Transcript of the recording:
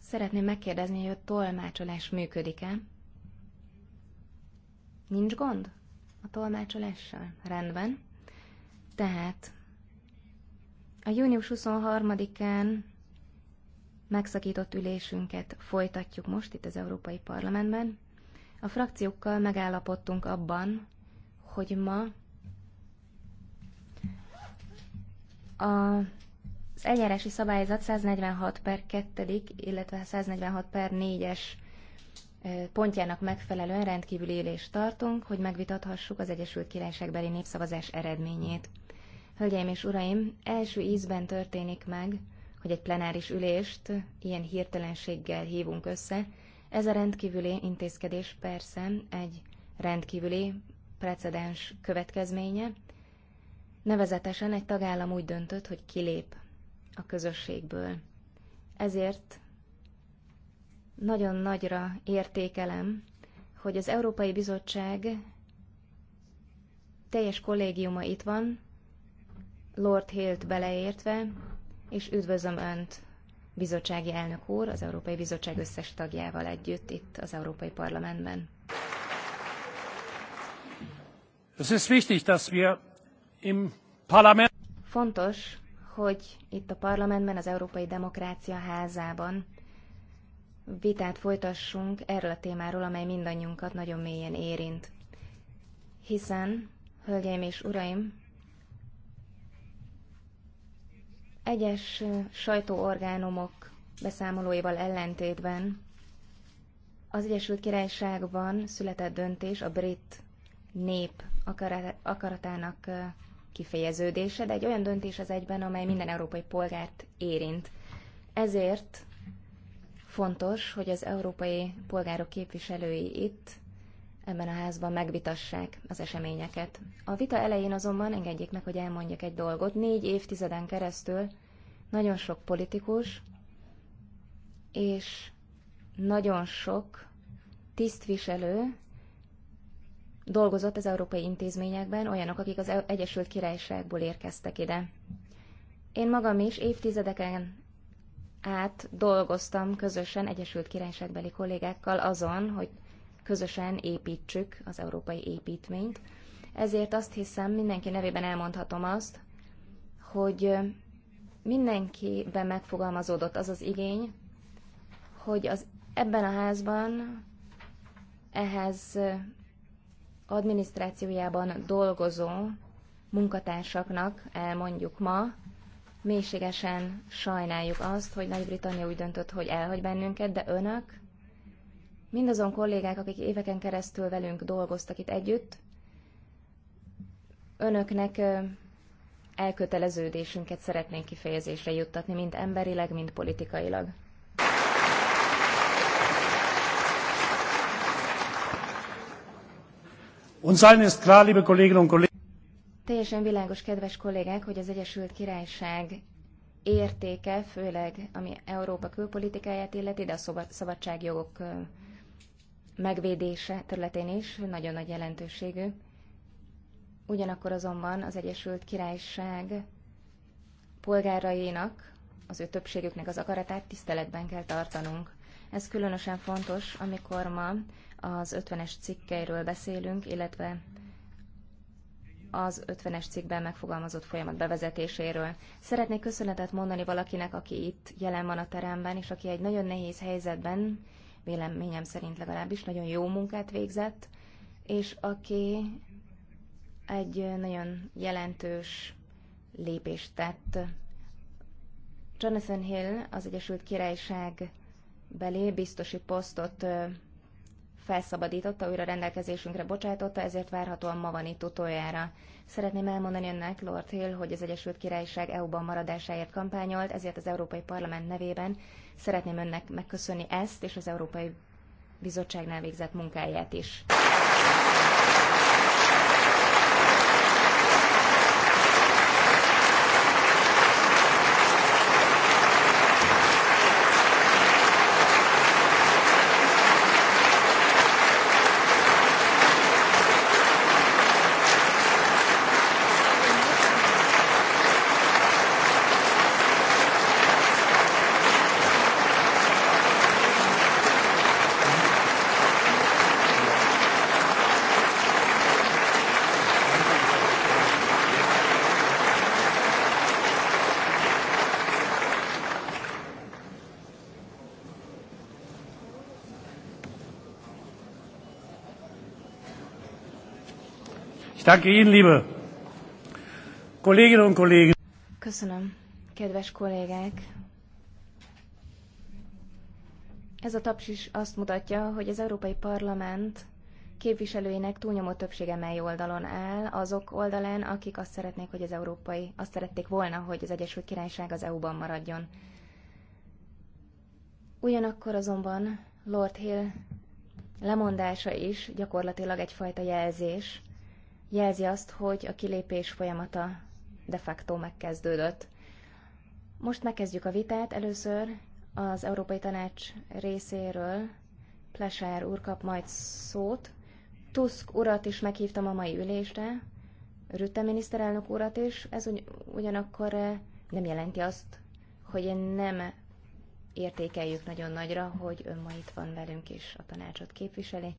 Szeretném megkérdezni, hogy a tolmácsolás működik-e? Nincs gond a tolmácsolással? Rendben. Tehát a június 23-án megszakított ülésünket folytatjuk most itt az Európai Parlamentben. A frakciókkal megállapodtunk abban, hogy ma a az eljárási szabályzat 146 per 2. illetve 146 per 4-es pontjának megfelelően rendkívüli élést tartunk, hogy megvitathassuk az Egyesült Királyságbeli népszavazás eredményét. Hölgyeim és uraim, első ízben történik meg, hogy egy plenáris ülést ilyen hirtelenséggel hívunk össze. Ez a rendkívüli intézkedés persze egy rendkívüli precedens következménye, Nevezetesen egy tagállam úgy döntött, hogy kilép a közösségből. Ezért nagyon nagyra értékelem, hogy az Európai Bizottság teljes kollégiuma itt van, Lord Hilt beleértve, és üdvözlöm Önt, bizottsági elnök úr, az Európai Bizottság összes tagjával együtt itt az Európai Parlamentben. Es ist wichtig, dass wir im Parlament Fontos, hogy itt a parlamentben, az Európai Demokrácia házában vitát folytassunk erről a témáról, amely mindannyiunkat nagyon mélyen érint. Hiszen, hölgyeim és uraim, egyes sajtóorgánumok beszámolóival ellentétben az Egyesült Királyságban született döntés a brit nép akaratának kifejeződése, de egy olyan döntés az egyben, amely minden európai polgárt érint. Ezért fontos, hogy az európai polgárok képviselői itt, ebben a házban megvitassák az eseményeket. A vita elején azonban engedjék meg, hogy elmondjak egy dolgot. Négy évtizeden keresztül nagyon sok politikus és nagyon sok tisztviselő dolgozott az európai intézményekben, olyanok, akik az Egyesült Királyságból érkeztek ide. Én magam is évtizedeken át dolgoztam közösen Egyesült Királyságbeli kollégákkal azon, hogy közösen építsük az európai építményt. Ezért azt hiszem, mindenki nevében elmondhatom azt, hogy mindenkiben megfogalmazódott az az igény, hogy az, ebben a házban ehhez adminisztrációjában dolgozó munkatársaknak elmondjuk eh, ma, mélységesen sajnáljuk azt, hogy Nagy-Britannia úgy döntött, hogy elhagy bennünket, de önök, mindazon kollégák, akik éveken keresztül velünk dolgoztak itt együtt, önöknek eh, elköteleződésünket szeretnénk kifejezésre juttatni, mind emberileg, mind politikailag. Uns allen ist klar, liebe Kolleginnen und Kollegen. Teljesen világos, kedves kollégák, hogy az Egyesült Királyság értéke, főleg ami Európa külpolitikáját illeti, de a szabadságjogok megvédése területén is nagyon nagy jelentőségű. Ugyanakkor azonban az Egyesült Királyság polgárainak, az ő többségüknek az akaratát tiszteletben kell tartanunk. Ez különösen fontos, amikor ma az 50-es cikkeiről beszélünk, illetve az 50-es cikkben megfogalmazott folyamat bevezetéséről. Szeretnék köszönetet mondani valakinek, aki itt jelen van a teremben, és aki egy nagyon nehéz helyzetben, véleményem szerint legalábbis, nagyon jó munkát végzett, és aki egy nagyon jelentős lépést tett. Jonathan Hill az Egyesült Királyság beli biztosi posztot felszabadította, újra rendelkezésünkre bocsátotta, ezért várhatóan ma van itt utoljára. Szeretném elmondani önnek, Lord Hill, hogy az Egyesült Királyság EU-ban maradásáért kampányolt, ezért az Európai Parlament nevében szeretném önnek megköszönni ezt és az Európai Bizottságnál végzett munkáját is. danke Ihnen, liebe Kolleginnen und Kollegen. Köszönöm, kedves kollégák. Ez a taps is azt mutatja, hogy az Európai Parlament képviselőinek túlnyomó többsége mely oldalon áll, azok oldalán, akik azt szeretnék, hogy az európai, azt szerették volna, hogy az Egyesült Királyság az EU-ban maradjon. Ugyanakkor azonban Lord Hill lemondása is gyakorlatilag egyfajta jelzés jelzi azt, hogy a kilépés folyamata de facto megkezdődött. Most megkezdjük a vitát. Először az Európai Tanács részéről Plesár úr kap majd szót. Tusk urat is meghívtam a mai ülésre, Rütte miniszterelnök urat is. Ez ugy- ugyanakkor eh, nem jelenti azt, hogy nem értékeljük nagyon nagyra, hogy ön ma itt van velünk és a tanácsot képviseli.